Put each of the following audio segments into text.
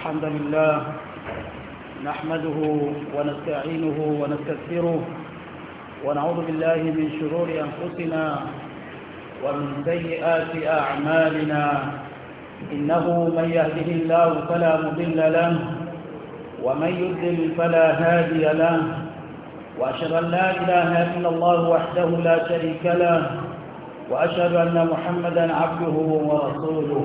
الحمد لله نحمده ونستعينه ونستغفره ونعوذ بالله من شرور أنفسنا ومن سيئات أعمالنا إنه من يهده الله فلا مضل له ومن يضلل فلا هادي له وأشهد أن لا إله إلا الله وحده لا شريك له وأشهد أن محمدا عبده ورسوله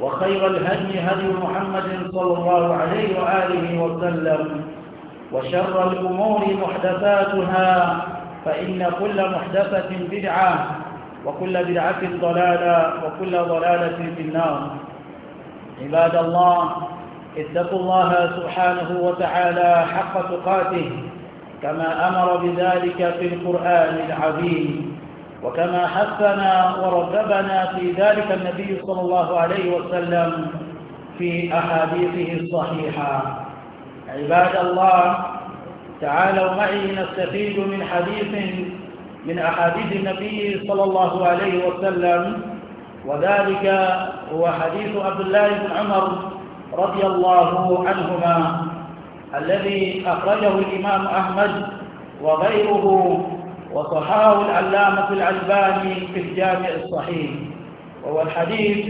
وخير الهدي هدي محمد صلى الله عليه وآله وسلم وشر الأمور محدثاتها فإن كل محدثة بدعة وكل بدعة ضلالة وكل ضلالة في النار عباد الله اتقوا الله سبحانه وتعالى حق تقاته كما أمر بذلك في القرآن العظيم وكما حثنا ورغبنا في ذلك النبي صلى الله عليه وسلم في أحاديثه الصحيحة عباد الله تعالوا معي نستفيد من حديث من أحاديث النبي صلى الله عليه وسلم وذلك هو حديث عبد الله بن عمر رضي الله عنهما الذي أخرجه الإمام أحمد وغيره وصححه العلامة الألباني في الجامع الصحيح وهو الحديث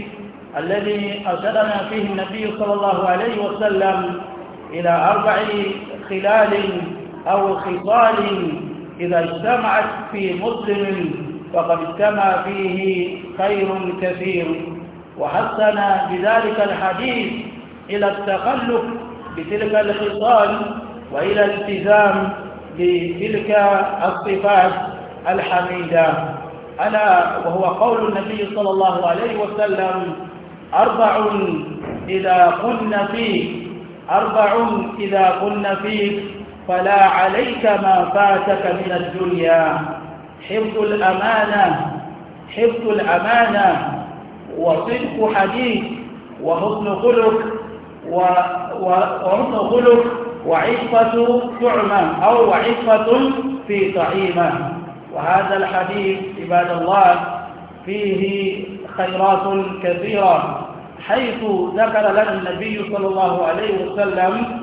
الذي أرسلنا فيه النبي صلى الله عليه وسلم إلى أربع خلال أو خصال إذا اجتمعت في مسلم فقد اجتمع فيه خير كثير وحسن بذلك الحديث إلى التخلف بتلك الخصال وإلى التزام بتلك الصفات الحميدة ألا وهو قول النبي صلى الله عليه وسلم أربع إذا كن فيك أربع إذا كن فيك فلا عليك ما فاتك من الدنيا حفظ الأمانة حفظ الأمانة وصدق حديث وحسن خلق وحسن خلق وعفة تعمى أو وعفة في طعيمة وهذا الحديث عباد الله فيه خيرات كثيرة حيث ذكر لنا النبي صلى الله عليه وسلم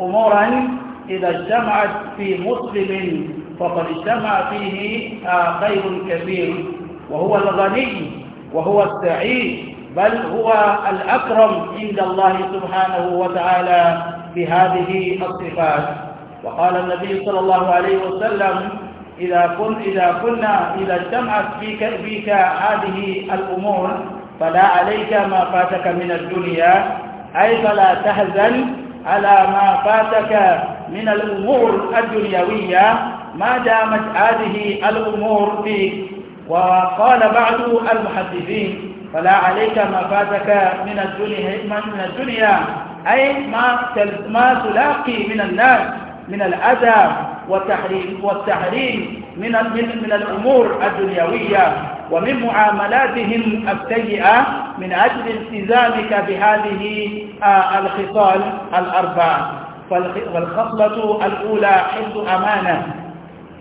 أمورا إذا اجتمعت في مسلم فقد اجتمع فيه آه، خير كبير وهو الغني وهو السعيد بل هو الأكرم عند الله سبحانه وتعالى بهذه الصفات وقال النبي صلى الله عليه وسلم إذا, كن إذا كنا إذا اجتمعت فيك فيك هذه الأمور فلا عليك ما فاتك من الدنيا أي فلا تحزن على ما فاتك من الأمور الدنيوية ما دامت هذه الأمور فيك وقال بعض المحدثين فلا عليك ما فاتك من الدنيا من الدنيا أي ما ما تلاقي من الناس من الأذى والتحريم والتحريم من من من الأمور الدنيوية ومن معاملاتهم السيئة من أجل التزامك بهذه آه، الخصال الأربع فالخصلة الأولى حفظ أمانة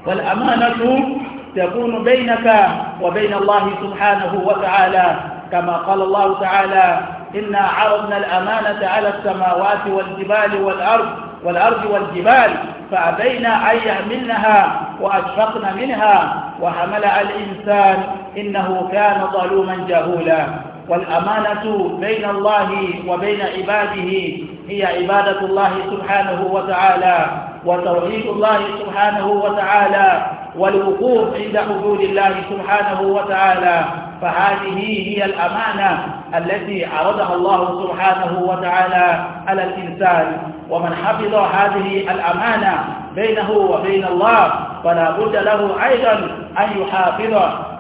والأمانة تكون بينك وبين الله سبحانه وتعالى كما قال الله تعالى إنا عرضنا الأمانة على السماوات والجبال والأرض والأرض والجبال فأبينا أن يحملنها وأشفقن منها وحمل الإنسان إنه كان ظلوما جهولا والأمانة بين الله وبين عباده هي عبادة الله سبحانه وتعالى وتوحيد الله سبحانه وتعالى والوقوف عند حدود الله سبحانه وتعالى فهذه هي الأمانة التي عرضها الله سبحانه وتعالى على الإنسان ومن حفظ هذه الأمانة بينه وبين الله فلا بد له أيضا أن يحافظ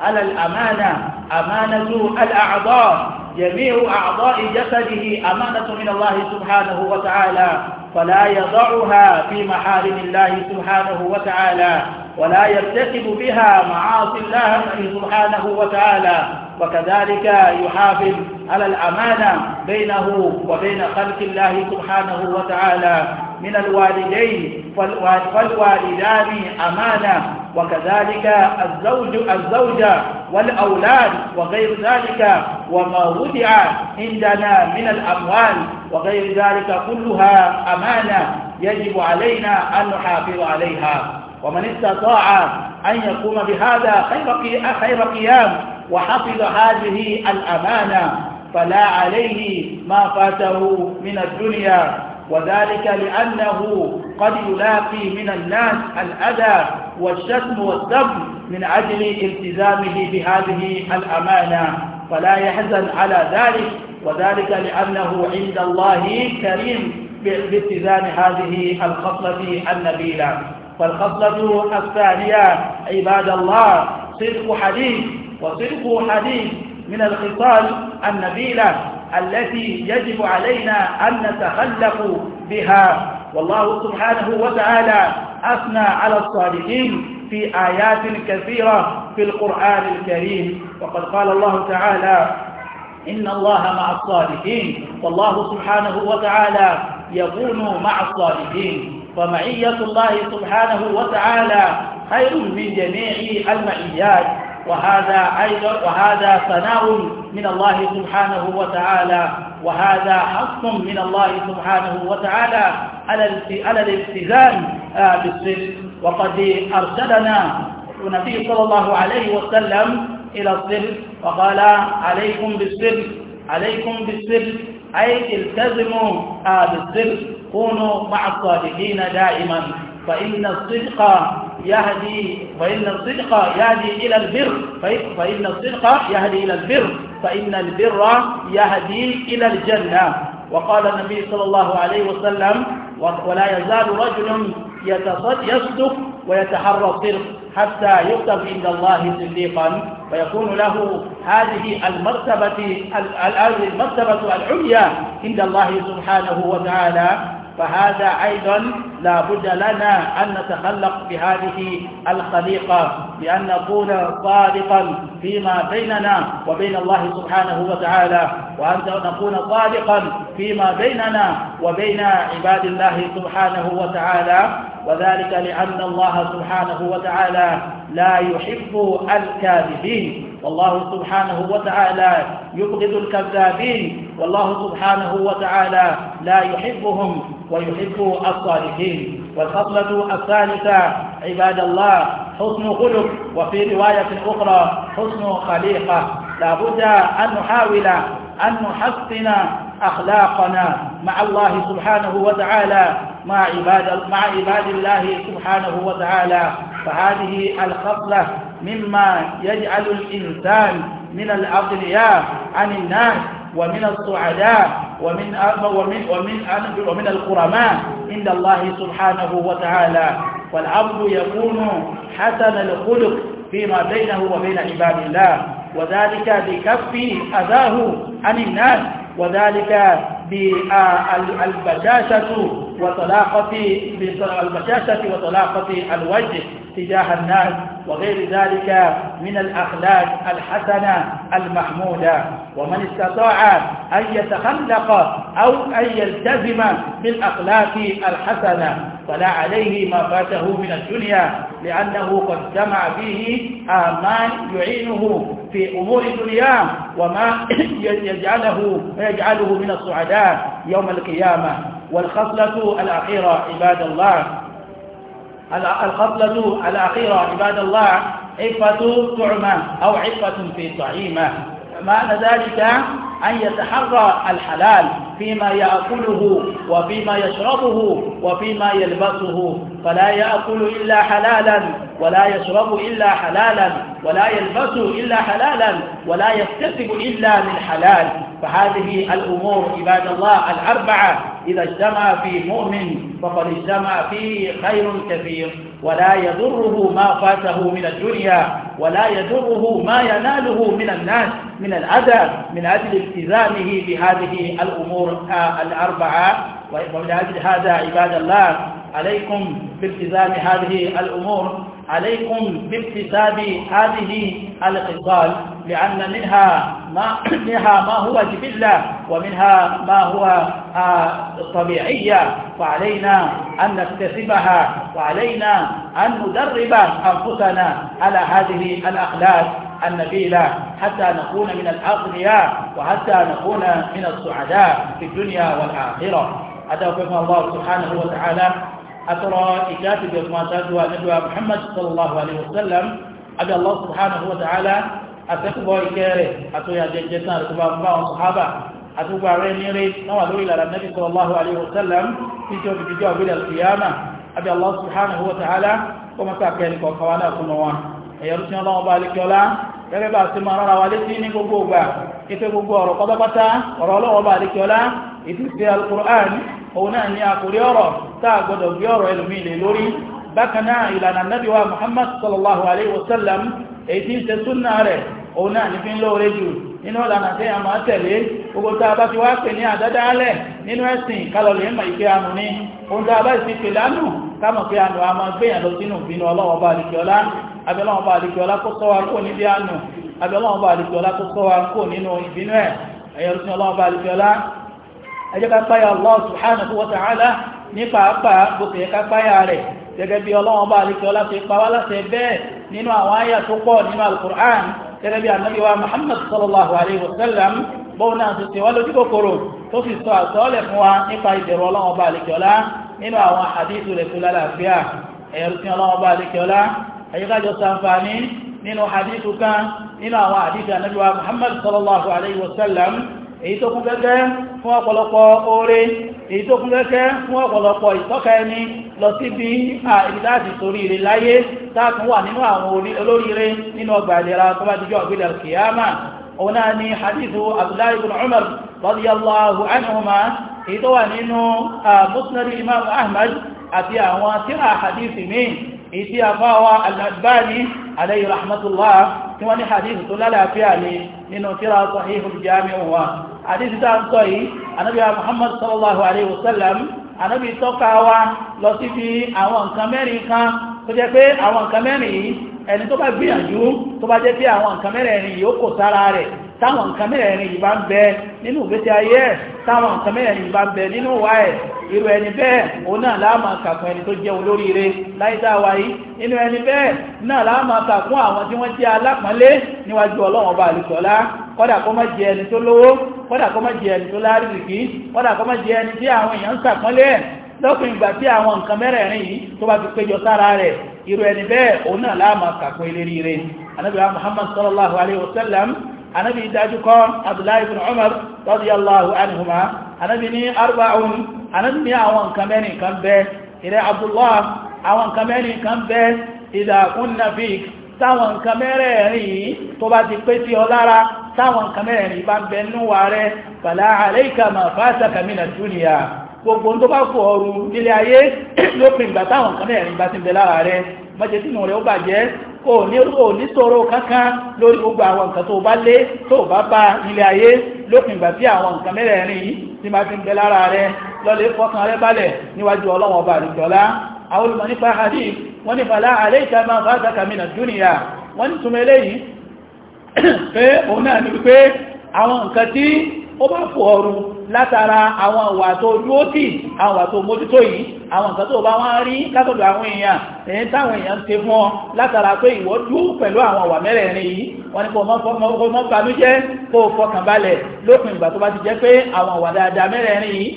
على الأمانة أمانة الأعضاء جميع أعضاء جسده أمانة من الله سبحانه وتعالى فلا يضعها في محارم الله سبحانه وتعالى ولا يرتكب بها معاصي الله سبحانه وتعالى وكذلك يحافظ على الأمانة بينه وبين خلق الله سبحانه وتعالى من الوالدين فالوالدان أمانة وكذلك الزوج الزوجة والأولاد وغير ذلك وما ودع عندنا من الأموال وغير ذلك كلها أمانة يجب علينا أن نحافظ عليها ومن استطاع أن يقوم بهذا خير خير قيام وحفظ هذه الأمانة فلا عليه ما فاته من الدنيا وذلك لأنه قد يلاقي من الناس الأذى والشتم والذم من أجل التزامه بهذه الأمانة فلا يحزن على ذلك وذلك لأنه عند الله كريم باتزام هذه الخصلة النبيلة فالخصلة الثانية عباد الله صدق حديث وصدق حديث من الخصال النبيلة التي يجب علينا أن نتخلق بها والله سبحانه وتعالى أثنى على الصالحين في آيات كثيرة في القرآن الكريم وقد قال الله تعالى إن الله مع الصالحين والله سبحانه وتعالى يكون مع الصالحين فمعية الله سبحانه وتعالى خير من جميع المعيات وهذا أيضا وهذا ثناء من الله سبحانه وتعالى وهذا حصن من الله سبحانه وتعالى على الالتزام آه، بالصدق وقد أرشدنا النبي صلى الله عليه وسلم إلى الصدق وقال عليكم بالصدق عليكم بالصدق أي التزموا آه، بالصدق كونوا مع الصادقين دائما فإن الصدق يهدي فإن الصدق يهدي إلى البر فإن الصدق يهدي إلى البر فإن البر يهدي إلى الجنة وقال النبي صلى الله عليه وسلم ولا يزال رجل يصدق ويتحرى الصدق حتى يكتب عند الله صديقا ويكون له هذه المرتبة المرتبة العليا عند الله سبحانه وتعالى فهذا أيضا لا بد لنا أن نتخلق بهذه الخليقة بأن نكون صادقا فيما بيننا وبين الله سبحانه وتعالى وأن نكون صادقا فيما بيننا وبين عباد الله سبحانه وتعالى وذلك لأن الله سبحانه وتعالى لا يحب الكاذبين والله سبحانه وتعالى يبغض الكذابين والله سبحانه وتعالى لا يحبهم ويحب الصالحين والخصلة الثالثة عباد الله حسن خلق وفي رواية أخرى حسن خليقة لابد أن نحاول أن نحسن أخلاقنا مع الله سبحانه وتعالى مع عباد, مع عباد الله سبحانه وتعالى فهذه الخصلة مما يجعل الإنسان من الأغنياء عن الناس ومن الصعداء ومن ومن ومن ومن الكرماء عند الله سبحانه وتعالى والعبد يكون حسن الخلق فيما بينه وبين عباد الله وذلك بكف أذاه عن الناس وذلك بالبشاشة وطلاقة وطلاقة الوجه تجاه الناس وغير ذلك من الأخلاق الحسنة المحمودة ومن استطاع أن يتخلق أو أن يلتزم بالأخلاق الحسنة فلا عليه ما فاته من الدنيا لأنه قد جمع فيه آمان آه، يعينه في أمور الدنيا وما يجعله, يجعله من الصعداء يوم القيامة والخصلة الأخيرة عباد الله القبلة الأخيرة عباد الله عفة طعمة أو عفة في طعيمة معنى ذلك أن يتحرى الحلال فيما يأكله وفيما يشربه وفيما يلبسه فلا يأكل إلا حلالا ولا يشرب إلا حلالا ولا يلبس إلا حلالا ولا يكتسب إلا من حلال فهذه الأمور عباد الله الأربعة إذا اجتمع في مؤمن فقد اجتمع فيه خير كثير ولا يضره ما فاته من الدنيا ولا يضره ما يناله من الناس من الأذى من أجل التزامه بهذه الأمور الأربعة ومن أجل هذا عباد الله عليكم بالتزام هذه الأمور عليكم باكتساب هذه الخصال لأن منها ما, منها ما هو جبلة ومنها ما هو آه، طبيعية فعلينا أن نكتسبها وعلينا أن ندرب أنفسنا على هذه الأخلاق النبيلة حتى نكون من الأغنياء وحتى نكون من السعداء في الدنيا والآخرة أدعوكم الله سبحانه وتعالى atọrọ ìdáàtì bẹ fún aṣáájú àdébíwá muhammad sallallahu alayhi wa sallam abi allah subhanahu wa ta'ala àtẹkùbọ ìkẹrẹ àtúnyà jẹjẹ tán àtúbà fún àwọn sàhábà àtúgbà rẹ nírí náà wà lórí ìlànà nabi sallallahu alayhi wa sallam tí tí ó fi jíjọ àgbélé alkiyama abi allah subhanahu wa ta'ala kó mọ́ta kẹrin kọ̀ọ̀kan wa náà fún wọn ẹ̀yọ́rú tí wọ́n bá alikọ́lá gẹ́gẹ́ bá ti máa rárá wa létí ní gbogbo ògbà ìfẹ́ gbogbo ọ̀rọ̀ pátápátá ọ̀rọ̀ ọlọ́wọ́ bá alikọ́lá ìfìfẹ́ alukur'an òun náà ni àkórí ọ̀rọ̀ táà gbọdọ̀ gbé ọ̀rọ̀ ẹlòmí ilẹ̀ lórí bákanáà ìlànà nábíwá muhammad sallallahu alaihi wasallam èyí tí ń ṣe súnnà rẹ̀ òun náà ní fi ń lóore jù nínú ọ̀lànà tí a máa tẹ̀lé gbogbo tá a bá ti wá pè ní àdádálẹ̀ nínú ẹ̀sìn kálọ̀lẹ̀ mọ̀ ìpé ànù ní ohun tá a bá ti pè lánù kámọ̀ pé ànù a máa gbéyàn ẹ jẹ́ ká páyà Allah subhanahu wa ta'ala ní pàápàá gbogbo ẹ̀ká páyà rẹ̀ gẹ́gẹ́ bí ọlọ́wọ́n bá alẹ́kẹ́ ọlá ti pa wá láti bẹ́ẹ̀ nínú àwọn àyà tó pọ̀ nínú al-Qur'an gẹ́gẹ́ bí Ànábì Muhammad sallallahu alayhi wa sallam bóun náà èyí tó kún gẹ́gẹ́ fún ọ̀pọ̀lọpọ̀ oore èyí tó kún gẹ́gẹ́ fún ọ̀pọ̀lọpọ̀ ìtọ́ka ẹni lọ sí bí ìdáàdì torí ire láyé dákun wà nínú àwọn olóríire nínú ọgbà ìlera tó bá dijọ́ ọ̀gbẹ́dẹ̀ kìyàmà òun náà ni hadithu abdullahi ibn umar radiyallahu anhuma èyí tó ìdí àfáwà al-Albani alayhi rahmatullah tí wọ́n ní hadith tó lálàáfíà ní nínú tírà sahihul jami'u wa hadith tá ń sọ yìí anábì muhammad sallallahu alayhi wa sallam anábì tọ́ka wa lọ sí fi àwọn nǹkan mẹ́rin kan tó jẹ́ pé àwọn nǹkan mẹ́rin ẹni tó bá gbìyànjú tó bá jẹ́ pé àwọn nǹkan mẹ́rin yìí kò sára rẹ̀ táwọn nǹkan mẹ́rin yìí bá ń bẹ nínú ìgbésí ayé ẹ̀ táwọn nǹkan mẹ́rin yìí bá ń bẹ nínú ìwà ẹ̀ irú ẹni bẹ́ẹ̀ òun náà láàmà kàkún ẹni tó jẹ́ olóríire láìdáwà yìí inú ẹni bẹ́ẹ̀ náà láàmà kàkún àwọn tí wọ́n jẹ́ alápọ̀nlé níwájú ọlọ́run ọba àlùsọ̀lá kọ́dà kọ́ má jẹ ẹni tó lówó kọ́dà kọ́ má jẹ ẹni tó láàrìrìkì kọ́dà kọ́ má jẹ ẹni tí àwọn Muhammad sallallahu Alaihi Wasallam anábì dájú kọ́ abdullahi ibn umar radiyallahu anhuma anábì ní arba'un anábì ní àwọn nǹkan mẹ́rin kan bẹ́ ilẹ̀ abdullah àwọn nǹkan mẹ́rin kan bẹ́ idha kunna fik táwọn nǹkan mẹ́rẹ̀ẹ̀rin tó bá ti pé sí ọ lára táwọn nǹkan mẹ́rẹ̀ẹ̀rin bá ń bẹ nínú wa rẹ fala alayka ma fataka mina dunya gbogbo tó bá fò ọrùn nílé ayé lópin ìgbà táwọn nǹkan mẹ́rẹ̀ẹ̀rin bá ti ń bẹ lára rẹ mọ́jẹ́ tínú rẹ̀ ó bàjẹ́ o ní o ní sọ̀rọ̀ kankan lórí gbogbo àwọn nǹkan tó bá lé tó bá bá ilé ayé lópin ìgbà tí àwọn nǹkan mẹ́rẹ̀ẹ̀rin yìí ti máa fi ń bẹ lára rẹ lọ́lẹ̀ fọ́kàn rẹ balẹ̀ níwájú ọlọ́wọ̀n ọba àríjọlá àwọn hadith wọ́n ní fàlá àlẹ́ ìtàmà fàáta kàmínà dúnìyà wọ́n ní túnmọ̀ eléyìí pé ó bá fò ọrùn látara àwọn ìwà tó dúó tì àwọn ìwà tó mójútó yìí àwọn nǹkan tó bá wọ́n rí látọ̀dọ̀ àwọn èèyàn èyí táwọn èèyàn ti fún ọ látara pé ìwọ dúó pẹ̀lú àwọn ìwà mẹ́rẹ̀ẹ̀rin yìí wọ́n ní kò mọ́ banújẹ́ kó o fọkàn balẹ̀ lópin ìgbà tó bá ti jẹ́ pé àwọn ìwà dáadáa mẹ́rẹ̀ẹ̀rin yìí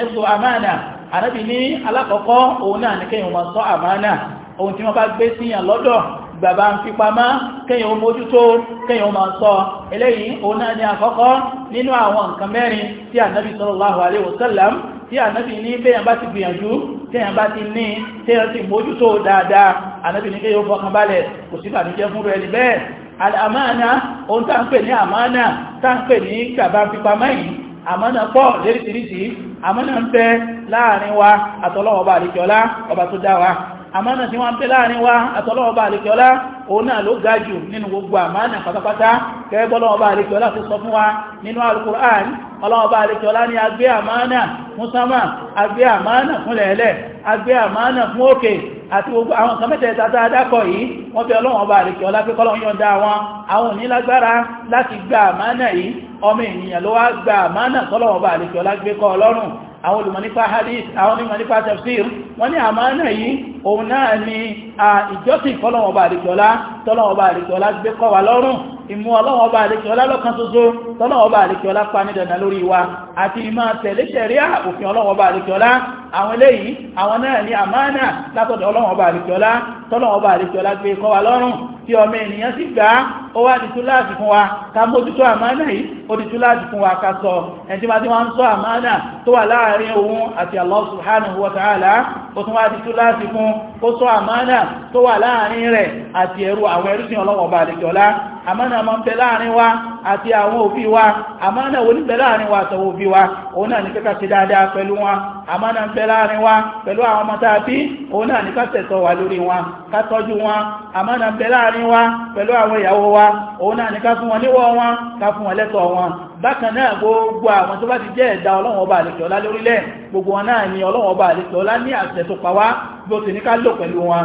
àwọn amana anábì ní alákọ̀ọ́kọ́ òun náà ní kéèyàn máa ṣọ́ amana ohun tí wọ́n bá gbé síyàn lọ́dọ̀ bàbá ń fi pamá kéyàn ó mójútó kéyàn ó máa sọ eléyìí òun náà ni àkọ́kọ́ nínú àwọn nǹkan mẹ́rin tí ànábì sallallahu alaihi wasallam tí ànábì ní bẹ́yàn bá ti gbìyànjú tẹ́yàn bá ti ní tẹ́yàn ti mójútó dáadáa ànábì ní kéyàn ó fọkàn balẹ̀ kò sí bàbíjẹ́ fún rẹ̀ níbẹ̀ àmánà ohun tá ń pè ní àmánà tá ń pè ní bàbá ń láàrin wa àtọlọ́wọ́ bá àríkẹ́ọlá ọba tó dá àmánà tí wọ́n ń pè láàrin wa àtọ́lọ́ọ̀bá àlekẹ́ọ́lá òun náà ló ga jù nínú gbogbo àmánà pátápátá kẹ́gbọ́lọ́ọ̀bá àlekẹ́ọ́lá ti sọ fún wa nínú alukur'an ọlọ́ọ̀bá àlekẹ́ọ́lá ni agbé àmánà fún sámà agbé àmánà fún lẹ̀ẹ́lẹ̀ agbé àmánà fún òkè àti gbogbo àwọn kan mẹ́tẹ̀ẹ̀ta tá a dákọ̀ yìí wọ́n fi ọlọ́wọ́n ọba àríkẹ́ ọlá pé kọ́lọ́ yọ̀ǹda wọn àwọn onílágbára láti gba àmánà yìí gbé kọ́ àwọn olùmọ̀ nípa hadith àwọn olùmọ̀ nípa tafsir wọ́n ní àmánà yìí òun náà ni ìjọsìn fọ́lọ́wọ̀n bá àdìkọ́lá tọ́lọ́wọ̀n bá gbé kọ́ lọ́rùn ìmú ọlọ́wọ́ ọba àlékiọlá lọ́kan ṣoṣo tọ́lọ́wọ́ ọba àlékiọlá pa ní dandan lórí wa àti ìmá tẹ̀lé ṣẹ̀ríà òfin ọlọ́wọ́ ọba àlékiọlá àwọn eléyìí àwọn náà ní àmánà látọ̀dọ̀ ọlọ́wọ́ ọba àlékiọlá tọ́lọ́wọ́ ọba àlékiọlá gbé kọ́ wa lọ́rùn tí ọmọ ènìyàn sì gbá àmánà máa ń bẹ láàrin wa àti àwọn òbí wa àmánà wo ní bẹ láàrin wa àtàwọn òbí wa òun náà ní kẹ́kà sí dáadáa pẹ̀lú wọn àmánà ń bẹ láàrin wa pẹ̀lú àwọn ọmọ tàà bí òun náà ní kásẹ̀tọ̀ wà lórí wọn ká tọ́jú wọn àmánà ń bẹ láàrin wa pẹ̀lú àwọn ìyàwó wa òun náà ní ká fún wọn níwọ̀ wọn ká fún wọn lẹ́tọ̀ọ́ wọn bákan náà gbogbo àwọn tó bá ti jẹ́ ẹ̀dá ọlọ́wọ́n ọba àlejò ọlá lórílẹ̀ gbogbo wọn náà ni ọlọ́wọ́n ọba àlejò ọlá ní àṣẹ tó pa wá bí ó ti ní ká lò pẹ̀lú wọn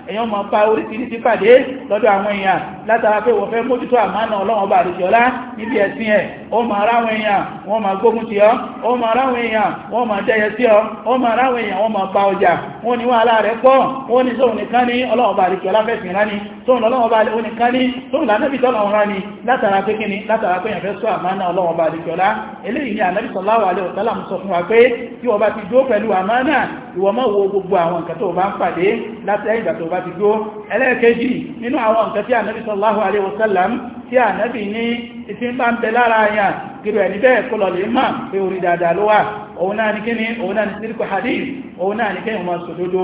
èyàn mọ̀ pa oríṣiríṣi pàdé lọ́dọ̀ àwọn èèyàn látara pé wọ́n fẹ́ mójútó àmánà ọlọ́wọ́n bá àdìsí ọlá níbi ẹ̀sìn ẹ̀ ó máa ráwọn èèyàn wọ́n máa gbógun ti ọ́ ó máa ráwọn èèyàn wọ́n máa jẹyẹ sí ọ ó máa ráwọn èèyàn wọ́n máa pa ọjà wọ́n ní wàhálà rẹ̀ pọ̀ wọ́n ní sóhun nìkan ní ọlọ́wọ́n bá àdìsí ọlá fẹ̀sìn rání sóhun ọlọ́wọ́n bá àdìsí nìkan ní sóhun lànàbì tọ́lọ́wọ́n rání ni ànàbì bá ti dúó ẹlẹ́ẹ̀kejì nínú àwọn nǹkan tí ànábì sallallahu alaihi wasallam tí ànábì ní ìtí ń bá ń bẹ lára àyàn kìrò ẹni bẹ́ẹ̀ kó lọ máa pé orí dáadáa ló òun náà ní kíni òun náà ní sírkù hadith òun náà ní kíni wọn sòdodo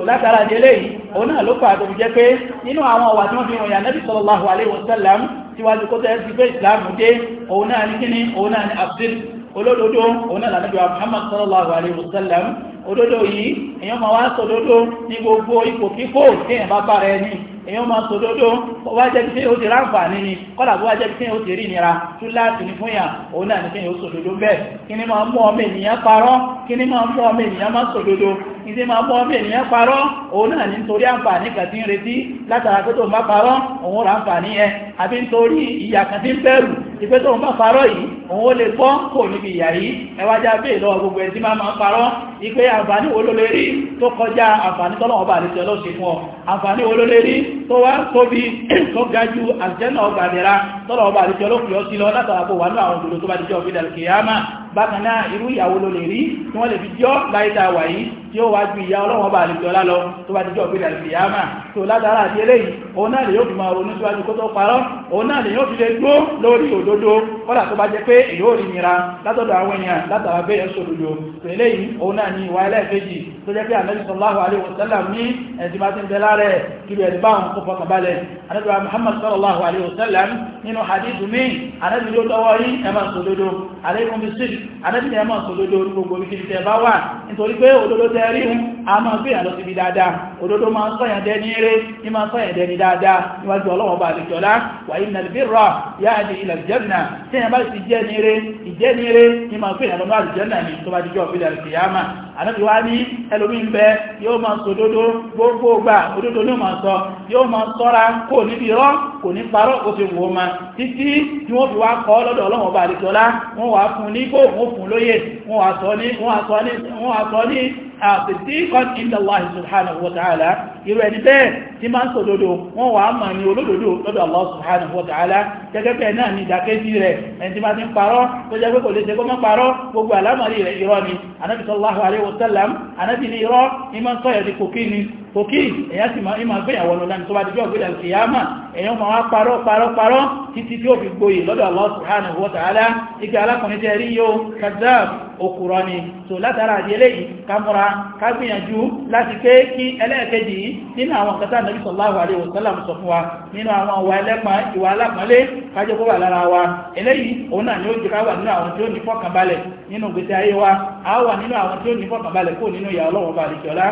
so látara di eléyìí òun náà ló pàdé jẹ́ pé nínú àwọn ọ̀wà tí wọ́n fi ròyìn Ànábì sallallahu alaihi wasallam síwájú kó tẹ́ sí pé ìsìlámù dé òun náà ní kíní òun náà ní abdul olódodo òun náà lànàbí wa Muhammad sallallahu alaihi wasallam òdodo yìí èyàn máa wá sòdodo ní gbogbo ipò kíkó tí èyàn bá bára ẹni èyàn máa sòdodo bó wá jẹ́ pé ó ti ráǹfààní ni kọ́là bó ìdí máa bọ́ bí ènìyàn parọ́ òun náà ní torí àǹfààní kan tí ń retí látara pé tó ń bá parọ́ òun ra àǹfààní ẹ àbí nítorí ìyà kan tí ń bẹ̀rù ìpé tó ń bá parọ́ yìí òun ó lè gbọ́ kò níbi ìyà yìí ẹwájá bẹ́ẹ̀ lọ gbogbo ẹ̀sí máa máa parọ́ ìpé àǹfààní wo ló lè rí tó kọjá àǹfààní bákan náà irú ìyàwó ló lè rí tí wọ́n lè fi jọ́ láìta wà yìí tí ó wá ju ìyá ọlọ́wọ́n bá lè jọlá lọ tó bá díjọ́ gbéra lè yá máa tó látara àti eléyìí òun náà lè yóò fi máa ronú síwájú kó tó parọ́ òun náà lè yóò fi lè dúró lórí òdodo kọ́lá tó bá jẹ́ pé èyí ò rí nira látọ̀dọ̀ àwọn èèyàn látara bẹ́ẹ̀ sòdodo eléyìí òun náà ni ìwà ẹlẹ́ẹ̀kejì tó jẹ́ pé ànábì sallallahu alaihi anábìnrin ẹ máa sọ lójú orí gbogbo orí kìí tẹ bá wà nítorí pé òdodo tẹ rí hun a máa gbé ìyàlọ síbi dáadáa òdodo máa ń sọ̀yàn dẹni eré ní máa ń sọ̀yàn dẹni dáadáa níwájú ọlọ́wọ́ bá lè jọlá wà ní ànábì wá ní ẹlòmí ń bẹ yóò máa sọ òdodo gbogbo gbà òdodo ní máa sọ yóò máa sọ́ra kò níbi irọ́ kò ní parọ́ kò fi wò ma títí tí wọ́n fi wá kọ́ lọ́dọ̀ ọlọ́run ọba àdìsọ́lá wọ́n wá fún ní subhanahu wa ta'ala irú ẹni tí máa ń sòdodo wọ́n wà á mà ní olódodo lọ́dọ̀ Allah subhanahu wa ta'ala gẹ́gẹ́ bẹ́ẹ̀ náà ni ìdàkejì rẹ̀ ẹni tí máa ti ń parọ́ tó jẹ́ pé lè ṣe kó parọ́ gbogbo àlámọ̀rí rẹ̀ irọ́ ni anábì sallallahu alaihi wa sallam anábì ní irọ́ ní máa ń di kòkí ni kòkí èyàn sì máa ń gbéyàwó lọ́la ní tó bá dijọ́ gbéyàwó kìyàmà èyàn máa wá Allah subhanahu wa ta'ala ike alákùnrin tẹ́ rí yóò kazab òkúrọ́ ni tó látara àdíẹ́lẹ́yìn kámúra ká gbìyànjú Ànábì sallallahu alaihi wasallam sọ fún wa nínú àwọn ọwà ẹlẹ́pàá ìwà alápàálé kájọ kó wà lára wa eléyìí òun náà ni ó jìká wà nínú àwọn tí ó ní fọ́kànbalẹ̀ nínú gbèsè ayé wa a wà nínú àwọn tí ó ní fọ́kànbalẹ̀ kó nínú ìyà ọlọ́wọ́ bá àdìjọ́lá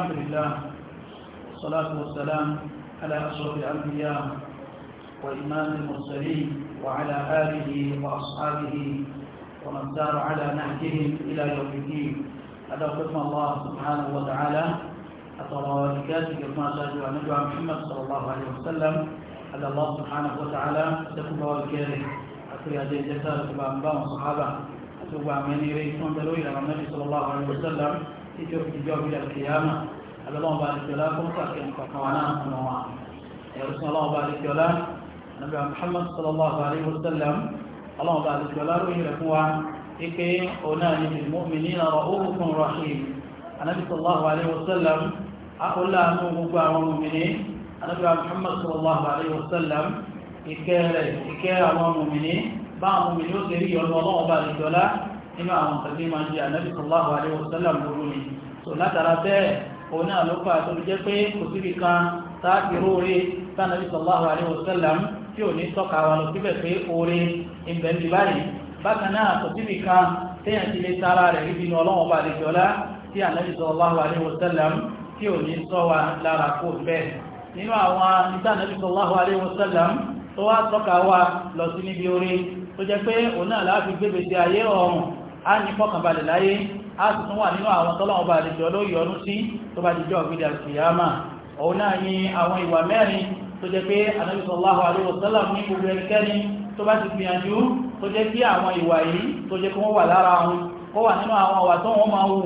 الحمد لله والصلاة والسلام على أشرف الأنبياء وإمام المرسلين وعلى آله وأصحابه ومن سار على نهجهم إلى يوم الدين هذا قسم الله سبحانه وتعالى أترى لكاتب ما شاهدوا عن نبي محمد صلى الله عليه وسلم هذا الله سبحانه وتعالى تكون الله الكريم أتري هذه الجسارة بأنباء وصحابة أتوقع من يريد أن النبي صلى الله عليه وسلم títí o fi jọ bí alkiyama alọ́lọ́wọ́ bá alìkọ́lá kó ń pàṣẹ nǹkan kan wà náà fún wa ẹ̀rọ sí ọlọ́wọ́ bá alìkọ́lá nàbí muhammad sallallahu alayhi wa sallam ọlọ́wọ́ bá alìkọ́lá lóyìn rẹ̀ fún wa ike ọ̀nà ni mọ̀mìnì ọ̀rọ̀ òkùnkùn rahim anabi sallallahu alayhi wa sallam akọ́lá mú gbogbo àwọn mọ̀mìnì anabi muhammad sallallahu alayhi wa sallam ike rẹ̀ ike àwọn mọ̀mìnì nínú àwọn nǹkan tí máa ń di ànábì sallallahu alaihi wasallam lóru ni so látara bẹ́ẹ̀ òun náà ló fà tó jẹ́ pé kò síbi kan tá irú orí tánàbí sallallahu alaihi wasallam tí ò ní tọ́ka wa lọ síbẹ̀ pé orí ìbẹ̀ǹdì báyìí bákan náà kò síbi kan téèyàn ti lè tara rẹ̀ rí bínú ọlọ́wọ́n bá lè jọlá tí ànábì sallallahu alaihi wasallam tí ò ní sọ wa lára kó bẹ́ẹ̀ nínú àwọn ìtànàbí sallallahu alaihi tó wá tọ́ka wa lọ sí níbi orí tó jẹ́ pé òun náà láàfi gbébèsè ayé ọ̀run a ní fọ́kànbalẹ̀ láyé a sì tún wà nínú àwọn tọ́lọ́wọ́ bá lè jọ lórí ọdún sí tó bá dìjọ́ ọ̀gbẹ̀dẹ̀ àkìyàmà òun náà ni àwọn ìwà mẹ́rin tó jẹ́ pé Ànábì sallallahu alaihi wasallam ní gbogbo ẹnikẹ́ni tó bá ti gbìyànjú tó jẹ́ kí àwọn ìwà yìí tó jẹ́ kí wọ́n wà lára wọn kó wà nínú àwọn àwà tó wọ́n máa wù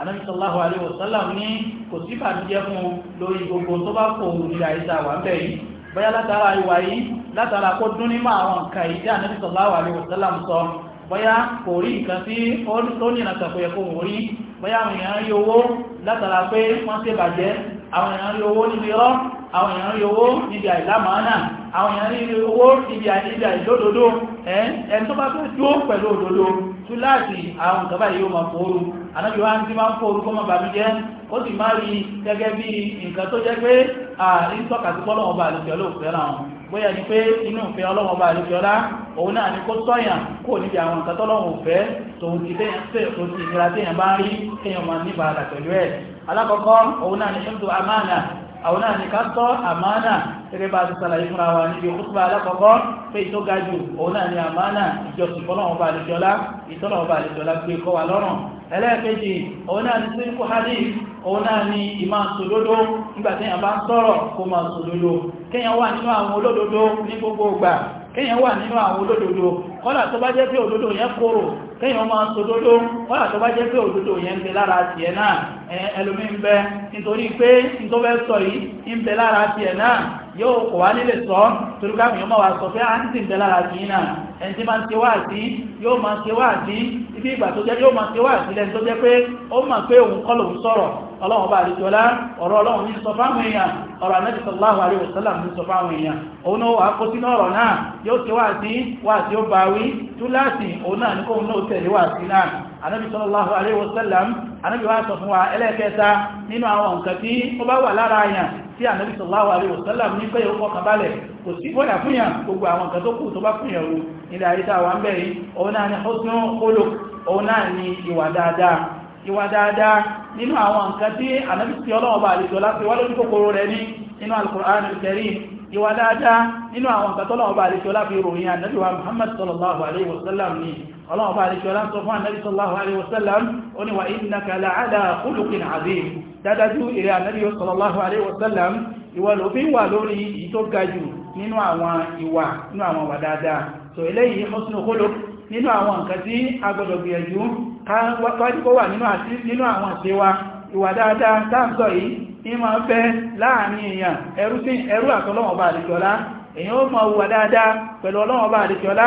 Ànábì sallallahu alaihi wasallam ní kò sí bàjẹ́ fún lórí gbogbo tó bá kò wù nílẹ̀ àìsà wà ń bẹ̀ yìí bóyá látara ìwà yìí látara kó dún nímọ̀ àwọn nǹkan yìí tí Ànábì sallallahu bóyá kò rí nǹkan tí ó ní ìrìnàkà kò yẹ kó wò rí bóyá àwọn èèyàn rí owó látara pé wọ́n ṣe bàjẹ́ àwọn èèyàn rí owó níbi irọ́ àwọn èèyàn rí owó níbi àìlámàánà àwọn èèyàn rí owó níbi àìlódodo ẹni tó bá fẹ́ dúó pẹ̀lú òdodo tú láti àwọn ìjọba yìí ó máa fòoru ànájú wa ń tí máa ń fòoru kó má bàbí jẹ́ ó sì má rí gẹ́gẹ́ bí nǹkan tó jẹ́ pé àìsọ́kàtúkọ́ lọ́wọ́ bá àlùfẹ́ lóòfẹ́ náà bóyá ni pé inú ìfẹ́ ọlọ́wọ́ bá àlejò ọlá òun náà ni kó sọ́yàn kò níbi àwọn nǹkan tọ́lọ́wọ́ fẹ́ tòun ti ìnira téèyàn bá ń rí téèyàn máa ní bàrà pẹ̀lú ẹ̀ alákọ̀ọ́kọ́ òun náà ni ṣẹ́mdù amánà àwọn ni ká tọ́ àmánà gẹ́gẹ́ bá ti sàlàyé fúnra wa níbi òkútùbà alákọ̀ọ́kọ́ pé ìtó ga jù òun náà ni àmánà ìjọsìn fọ́lọ́wọ́ bá àlejò ọlá ìtọ́lọ́wọ́ bá àlejò ọlá gbé kọ́ wa lọ́rùn ẹlẹ́ẹ̀kejì òun náà ni sínkù hadith òun náà ni ìmá sòdodo nígbàtí àbá sọ̀rọ̀ kó máa sòdodo kéèyàn wà nínú àwọn olódodo ní gbogbo ìgbà kéèyàn wà nínú àwọn olódodo kọ́lá tó bá jẹ́ pé òdodo yẹn kóró kéèyàn máa sódódó kọ́lá tó bá jẹ́ pé òdodo yẹn ń bẹ lára ti ẹ̀ náà ẹlòmí ń bẹ nítorí pé ìtọ́fẹ́ sọ yìí ń bẹ lára ti ẹ̀ náà yóò kọ̀ wá nílé sọ torípáwọn èèyàn máa a ah, ń sì ń bẹ lára ti náà ẹni tí máa ń ṣe wá sí yóò máa ṣe wá sí ibi ìgbà tó jẹ́ yóò máa ṣe wá sí lẹ́ni ọlọ́run bá àríjọlá ọ̀rọ̀ ọlọ́run ní sọ fáwọn èèyàn ọ̀rọ̀ Ànábì sallallahu alaihi wasallam ní sọ fáwọn èèyàn òun náà wà kó sínú ọ̀rọ̀ náà yóò ṣe wà sí wà sí ó bá wí túláàsì òun náà ní kóun náà tẹ̀lé wà sí náà Ànábì sallallahu alaihi wasallam Ànábì wá sọ fún wa ẹlẹ́ẹ̀kẹta nínú àwọn nǹkan tí ó bá wà kò sí bọ́yà fúnyàn gbogbo àwọn nǹkan tó kù tó bá fúnyàn ru ilẹ̀ àyíká wa ń bẹ̀rẹ̀ òun ni husnul khuluq òun ni ìwà dáadáa ìwà dáadáa nínú àwọn nǹkan tí ànábì tí ọlọ́ọ̀bà àlejò láti wá lójú kòkòrò rẹ̀ ní inú al-Qur'an al-Karim ìwà dáadáa nínú àwọn nǹkan tọ́lọ́ọ̀bà àlejò láti ròyìn ànábì wa Muhammad sallallahu alaihi wasallam ni ọlọ́ọ̀bà àlejò láti sọ fún ànábì sallallahu alaihi wasallam ó ní wa innaka la'ala so eléyìí husnul khuluq nínú àwọn nǹkan tí a káàkọ́ wà nínú àwọn àṣẹ wa ìwà dáadáa táàmsọ̀ yìí ní máa fẹ́ láàrin èèyàn ẹrú àtọlọ́wọ̀n bá àdìjọ́lá èèyàn ó mọ̀ wà dáadáa pẹ̀lú ọlọ́wọ̀n bá àdìjọ́lá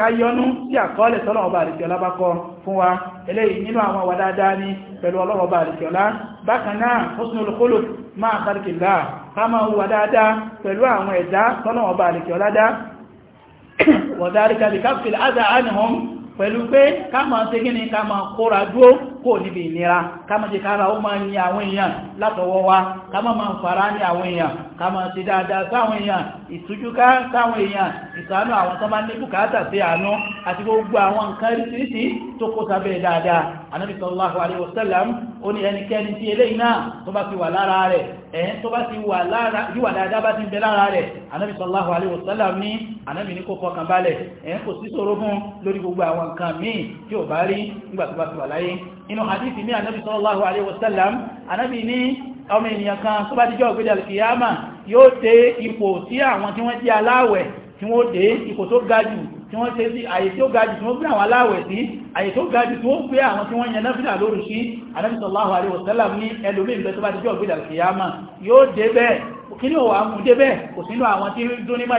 káyọnú sí àkọọ́lẹ̀ tọ́lọ̀ ọba àríkẹ́ọlá bá kọ fún wa eléyìí nínú àwọn àwà dáadáa ní pẹ̀lú ọlọ́rọ̀ ọba àríkẹ́ọlá bákan náà husnul khuluq máa kàríkìlá ká máa hùwà dáadáa pẹ̀lú àwọn ẹ̀dá tọ́lọ̀ ọba àríkẹ́ọlá dá wọ̀dáríkà lè káfíl kò níbi ìnira ká má jẹ́ kára ó máa ní àwọn èèyàn látọwọ́ wa ká má máa fara ní àwọn èèyàn ká má ṣe dáadáa sáwọn èèyàn ìtújúká sáwọn èèyàn ìsànú àwọn tó bá ní bùkátà sí àánú àti gbogbo àwọn nǹkan ríṣiríṣi tó kó sábẹ́ dáadáa Ànábì sallallahu alaihi wasallam ó ní ẹnikẹ́ni tí eléyìí náà tó bá fi wà lára wà láyé inú hadithi ní anábi sallallahu alaihi wasallam anábi ní ọmọ ènìyàn kan tó bá díjọ́ ògbédè alkiyama yóò dé ipò tí àwọn tí wọ́n jẹ́ aláwẹ̀ tí wọ́n dé ipò tó gajù tí wọ́n ṣe sí àyè tí ó gajù tí wọ́n gbé àwọn aláwẹ̀ sí àyè tó gajù tí wọ́n gbé àwọn tí wọ́n yẹn náfíà lórí sí anábi sallallahu alaihi wasallam ní ẹlòmí kí ní òwà mú dé bẹ́ẹ̀ kò sínú àwọn tí dún nímọ̀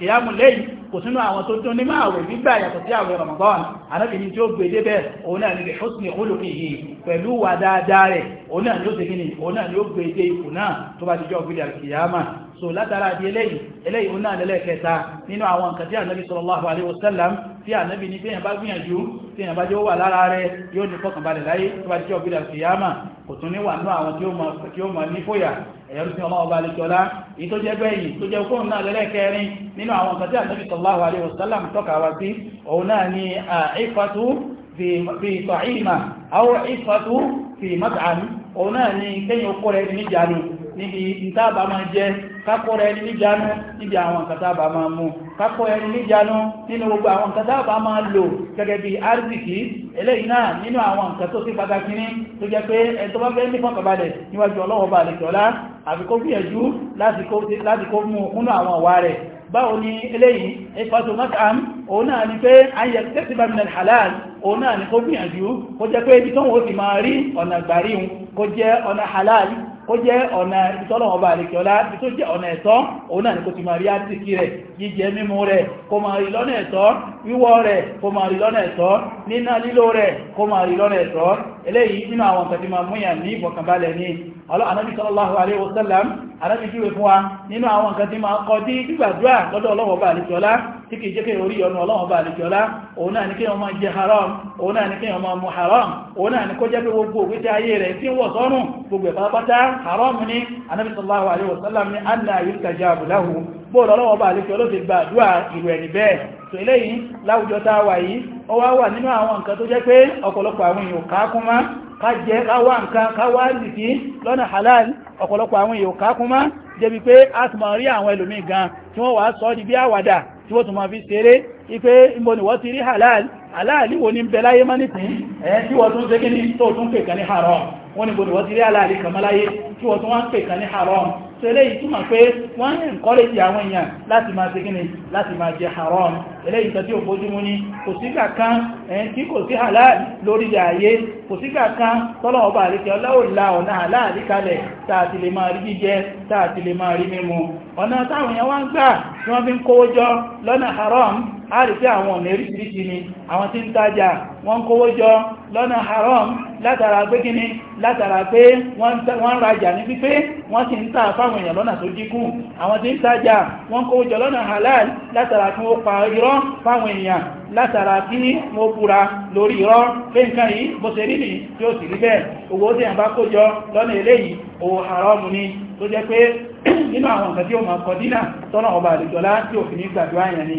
ìyàmù lẹ́yìn kò sínú àwọn tó dún nímọ̀ àwẹ̀ nígbà yàtọ̀ sí àwẹ̀ Ramadan anábìnrin tí ó gbé dé bẹ́ẹ̀ òun náà ni lè ṣóṣù ní tí ànábì ní tí èyàn bá gbìyànjú tí èyàn bá jẹ́ ó wà lára rẹ̀ yóò ní fọkànbalẹ̀ láyé tó bá jẹ́ ọ̀gbìdà kìyàmà kò tún ní wà ní àwọn tí ó mọ̀ ní fòyà ẹ̀yọ́rù sí ọlọ́ọ̀bá alẹ́kọ́lá èyí tó jẹ́ gbẹ̀yìn tó jẹ́ okóhùn náà lẹ́lẹ́kẹrin nínú àwọn nǹkan tí ànábì sallallahu alaihi wasallam tọ́ka níbi ìtàbà máa jẹ kákọ́ rẹ̀ ní níjánú níbi àwọn ìkàtàbà máa mú kákọ́ rẹ̀ ní níjánú nínú gbogbo àwọn ìkàtàbà máa lò gẹ́gẹ́ bí arziki eléyìí náà nínú àwọn nǹkan tó sí pàtàkì ní tó jẹ́ pé ẹ̀tọ́ bá fẹ́ ní fọ́kàbalẹ̀ níwájú ọlọ́wọ́ba àlẹ́kọ̀ọ́lá àfikó gbìyànjú láti kó mú kúnnú àwọn ọ̀wà rẹ̀ báwo ni eléyìí ìfàtò mọ́kàm náà ni kó gbìyànjú kó jẹ́ pé ibi tó wọ́n ti máa rí ọ̀nà gbàríun kó jẹ́ ọ̀nà halal kó jẹ́ ọ̀nà ìtọ́lọ̀wọ̀n bá àríkẹ́ ọlá tí tó jẹ́ ọ̀nà ẹ̀tọ́ òun náà ni kó ti máa rí àtìkí rẹ̀ jíjẹ mímú rẹ̀ kó máa rí lọ́nà ẹ̀tọ́ wíwọ̀ rẹ̀ kó máa rí lọ́nà ẹ̀tọ́ níná lílò rẹ̀ kó máa rí lọ́nà ẹ̀tọ́ eléyìí nínú àwọn nǹkan tí múyàn ní ìfọ̀kànbalẹ̀ ni anábì sallallahu alaihi wasallam anábì júwe fún wa nínú àwọn nǹkan tí ma ń kọ dí gbígbàdúrà lọ́dọ̀ ọlọ́wọ́ bá àlejọ́lá tí kìí jẹ́ kéèyàn orí ọ̀nà ọlọ́wọ́ bá àlejọ́lá òun náà ní kéèyàn máa jẹ haram òun náà ní kéèyàn máa mu haram òun náà ní kó jẹ́ pé gbogbo òwúté ayé rẹ̀ tí ń wọ̀ sọ́rùn gbogbo ìpátápátá haram ni anábì sallallahu alaihi wasallam ní anna yustajabu lahu bóòlù ọlọ́wọ́ bá àlejò olóòtú ká jẹ ká wá nǹkan ká wá lọ́nà halal ọ̀pọ̀lọpọ̀ àwọn èèyàn ká kún mọ́ débi pé a ti mọ̀ rí àwọn ẹlòmíì gan tí wọ́n wá sọ ọ́ di bí àwàdà tí wọ́n tún máa fi ṣeré ipé ìmọ̀ ni ti rí halal halal wo ni ń bẹ láyé mọ́ tí wọ́n tún ṣe kí ni tó tún pè ní haram wọ́n ní gbogbo wọ́n ti rí aláàrí kan máláyé tí wọ́n tún wá ń pè kan ní haram so eléyìí túmọ̀ pé wọ́n ń encourage àwọn èèyàn láti máa ṣe kíni láti máa jẹ haram eléyìí tó tí ò fojú mú ní kò sígbà kan ẹ̀yìn tí kò sí halal lórí ayé kò sígbà kan tọ́lọ̀ ọba àríkẹ́ ọlọ́ọ̀lá ọ̀nà halal kalẹ̀ tààtì lè máa rí jíjẹ tààtì lè máa rí mímu ọ̀nà táwọn èèyàn wá ń gbà tí wọ́n fi ń kówó jọ lọ́nà haram a rí pé àwọn ọ̀nà eríṣìíríṣìí ni àwọn tí ń tajà wọ́n kówó jọ lọ́nà haram látara pé kíni látara pé wọ́n rajà ní pípé wọ́n sì ń tà fáwọn èèyàn lọ́nà tó dínkù àwọn tí ń tajà wọ́n kówó jọ lọ́nà halal látara kí wọ́n pa irọ́ fáwọn èèyàn látara kí wọ́n búra lórí irọ́ pé nǹkan yìí bó ṣe rí ni tí ó sì rí bẹ́ẹ̀ owó tí àbá kó jọ lọ́nà eléyìí owó haram ni tó jẹ́ pé nínú àwọn nǹkan tí ó mọ̀ kọ̀dínà tọ́nà ọba àdìjọlá tí òfin ní gbàdúrà yẹn ni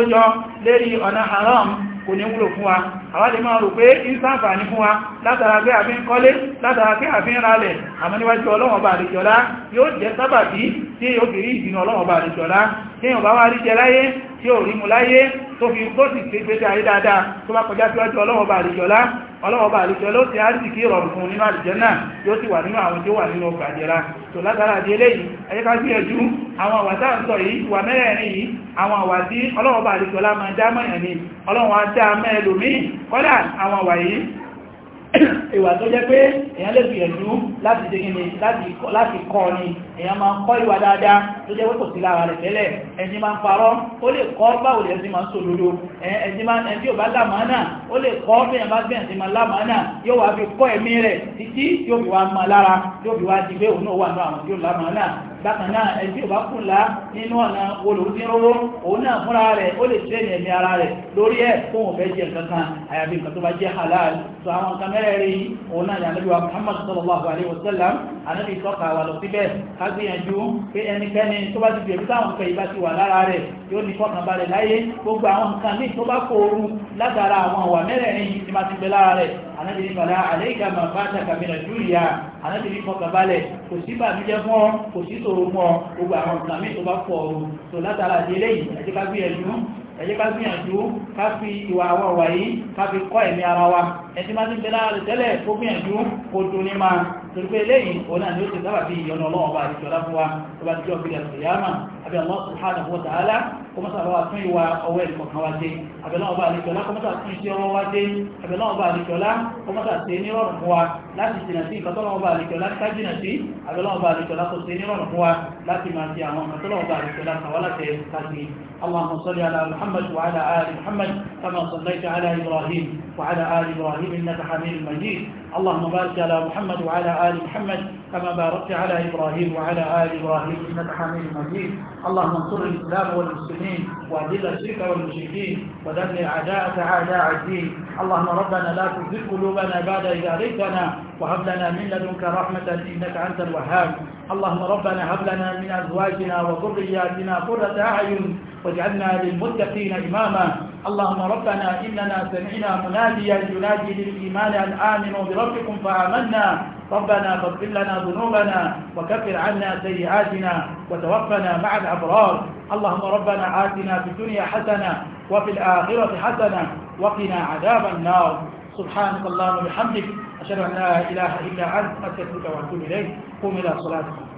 kójọ lérí ọ̀nà haram kò ní wúlò fún wa àwádé máa rò pé ìsànfàní fún wa látara pé àfin kọ́lé látara pé àfin rálẹ̀ àmọ́ níwájú ọlọ́wọ̀n bá àríjọlá yóò jẹ́ sábàbí tí yóò fi rí ìbínú ọlọ́wọ̀n bá àríjọlá tí yóò bá wá rí jẹ láyé tí ó rí mú láyé tó fi tó sì ṣe gbé ayé dáadáa tó bá kọjá síwájú ọlọ́wọ̀n bá àríjọlá ọlọ́wọ̀n bá àríjọlá ó ti àríṣìkí rọrùn fún nínú àlùjánnà yóò sì wà nínú àwọn tí ó wà nínú ọgbà ni ọlọ́wọ̀n á dá mẹ́ẹ̀lòmíì kọ́dà àwọn wàyí ìwà tó jẹ́ pé èyàn lè gbìyànjú láti jẹ́ gíní láti kọ́ ni èyàn máa kọ́ ìwà dáadáa tó jẹ́ wípò sí lára rẹ̀ tẹ́lẹ̀ ẹni máa ń parọ́ ó lè kọ́ báwò lẹ́sí máa ń sòdodo ẹni tí ò bá lámàánà ó lè kọ́ bẹ́yàn bá bẹ́yàn sí máa lámàánà yóò wá fi kọ́ ẹ̀mí rẹ̀ títí yóò fi lámàánà bákan náà ẹbí ò bá kùn lá nínú ọ̀nà olùdínrówó òun náà fúnra rẹ̀ ó lè tẹ́ ní ẹ̀mí ara rẹ̀ lórí ẹ̀ fún òun fẹ́ jẹ kankan àyàfi nǹkan tó bá jẹ́ halal tó àwọn nǹkan mẹ́rẹ̀ẹ̀rẹ̀ yìí òun náà ni ànábì wa muhammad sallallahu alayhi wa sallam ànábì tọ́ka wà lọ síbẹ̀ ká gbìyànjú pé ẹnikẹ́ni tó bá ti bẹ̀rù táwọn nǹkan yìí anábì ní bàlá àlẹ́kà máa bá tàkàmìnà júlìyà anábì ní fọkàbalẹ̀ kò sí bàmíjẹ́ fún ọ kò sí tòrò mọ́ gbogbo àwọn ìgbàmí tó bá fọ ọ̀rọ̀ tó látara àti eléyìí ẹ̀jẹ̀ ká gbìyànjú ẹ̀jẹ̀ ká gbìyànjú ká fi ìwà àwọn ọ̀wà yìí ká fi kọ́ ẹ̀mí ara wa ẹ̀sìn máa ti bẹ̀rẹ̀ tẹ́lẹ̀ kó gbìyànjú kó dun ní máa torípé eléyìí òun náà ni ó ti dábàá bí ìyọnu ọlọ́wọ́n bá àdìjọ láfún wa tó bá dijọ́ bíi àṣeyàmà àbí Allah subhanahu wa ta'ala kó mọ́sá bá wa tún ìwà ọwọ́ ẹ̀rì kọ̀ọ̀kan wa dé àbí Allah bá àdìjọ lá kó mọ́sá tún iṣẹ́ ọwọ́ wa dé àbí Allah bá àdìjọ lá kó mọ́sá ṣe ní rọrùn fún wa láti jìnà bá àdìjọ lá ká jìnà sí على محمد وعلى آل محمد كما صليت على إبراهيم وعلى آل إبراهيم إنك حميد مجيد اللهم بارك على محمد وعلى آل محمد كما باركت على إبراهيم وعلى آل إبراهيم إنك حميد مجيد اللهم انصر الإسلام والمسلمين وأذل الشرك والمشركين ودمر أعداءك أعداء الدين اللهم ربنا لا تزغ قلوبنا بعد إذا هديتنا وهب لنا من لدنك رحمة إنك أنت الوهاب اللهم ربنا هب لنا من أزواجنا وذرياتنا قرة أعين واجعلنا للمتقين إماما اللهم ربنا إننا سمعنا مناديا ينادي للإيمان أن آمنوا بربكم فآمنا ربنا فاغفر لنا ذنوبنا وكفر عنا سيئاتنا وتوفنا مع الأبرار اللهم ربنا آتنا في الدنيا حسنة وفي الآخرة حسنة وقنا عذاب النار سبحانك اللهم وبحمدك أشهد أن لا إله إلا أنت أستغفرك وأتوب إليك قم إلى صلاتك